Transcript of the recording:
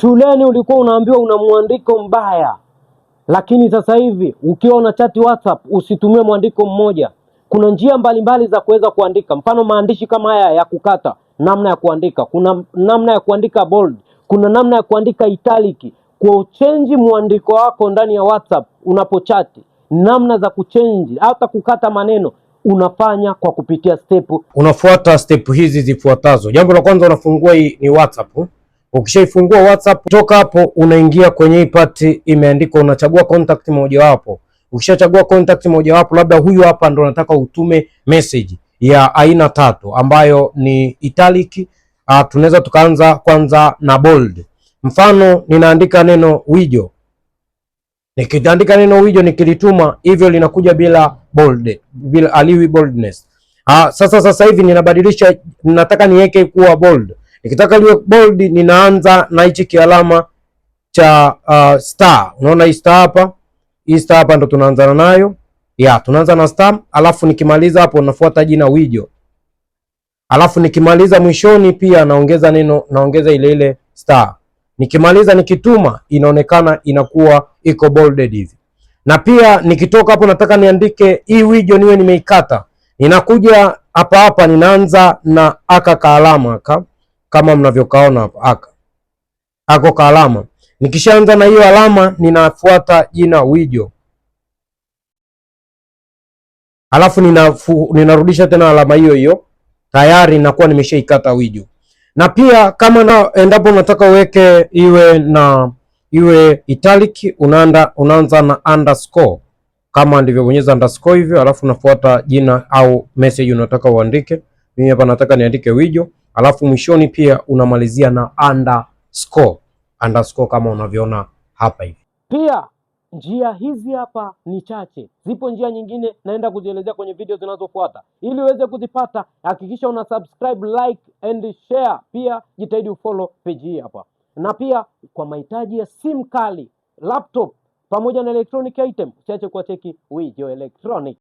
Shuleni ulikuwa unaambiwa una mwandiko mbaya, lakini sasa hivi ukiwa una chati WhatsApp usitumie mwandiko mmoja. Kuna njia mbalimbali za kuweza kuandika, mfano maandishi kama haya ya kukata, namna ya kuandika, kuna namna ya kuandika bold, kuna namna ya kuandika italic. Kwa uchenji mwandiko wako ndani ya WhatsApp unapochati, namna za kuchenji hata kukata maneno unafanya kwa kupitia step, unafuata step hizi zifuatazo. Jambo la kwanza unafungua hii ni WhatsApp Ukishaifungua WhatsApp kutoka hapo unaingia kwenye ipati imeandikwa, unachagua contact mojawapo. Ukishachagua contact mojawapo, labda huyu hapa ndo nataka utume message ya aina tatu ambayo ni italic. Uh, tunaweza tukaanza kwanza na bold. Mfano ninaandika neno wijo, nikiandika neno wijo nikilituma hivyo linakuja bila bold, bila aliwi boldness. Uh, sasa sasa hivi ninabadilisha, ninataka niweke kuwa bold Nikitaka liwe bold, ninaanza na hichi kialama cha uh, star. Unaona hii star hapa, hii star hapa ndo tunaanza nayo ya, tunaanza na star, alafu nikimaliza hapo nafuata jina wijo, alafu nikimaliza mwishoni pia naongeza neno, naongeza ile ile star. Nikimaliza nikituma, inaonekana inakuwa iko bolded hivi. Na pia nikitoka hapo, nataka niandike hii wijo niwe nimeikata, ninakuja hapa hapa, ninaanza na aka kaalama aka kama mnavyokaona hapa aka ako ka alama. Nikishaanza na hiyo alama, ninafuata jina wijo, alafu ninafu, ninarudisha tena alama hiyo hiyo, tayari nakuwa nimeshaikata wijo. Na pia kama na, endapo unataka uweke iwe na iwe italic, unaanza unaanza na underscore kama ndilivyobonyeza underscore hivyo, alafu nafuata jina au message unataka uandike. Mimi hapa nataka niandike wijo alafu mwishoni pia unamalizia na underscore. Underscore kama unavyoona hapa hivi. Pia njia hizi hapa ni chache, zipo njia nyingine naenda kuzielezea kwenye video zinazofuata. Ili uweze kuzipata, hakikisha una subscribe, like and share. Pia jitahidi ufollow page hii hapa, na pia kwa mahitaji ya sim kali, laptop pamoja na electronic item, usiache cheki Wijo Electronic.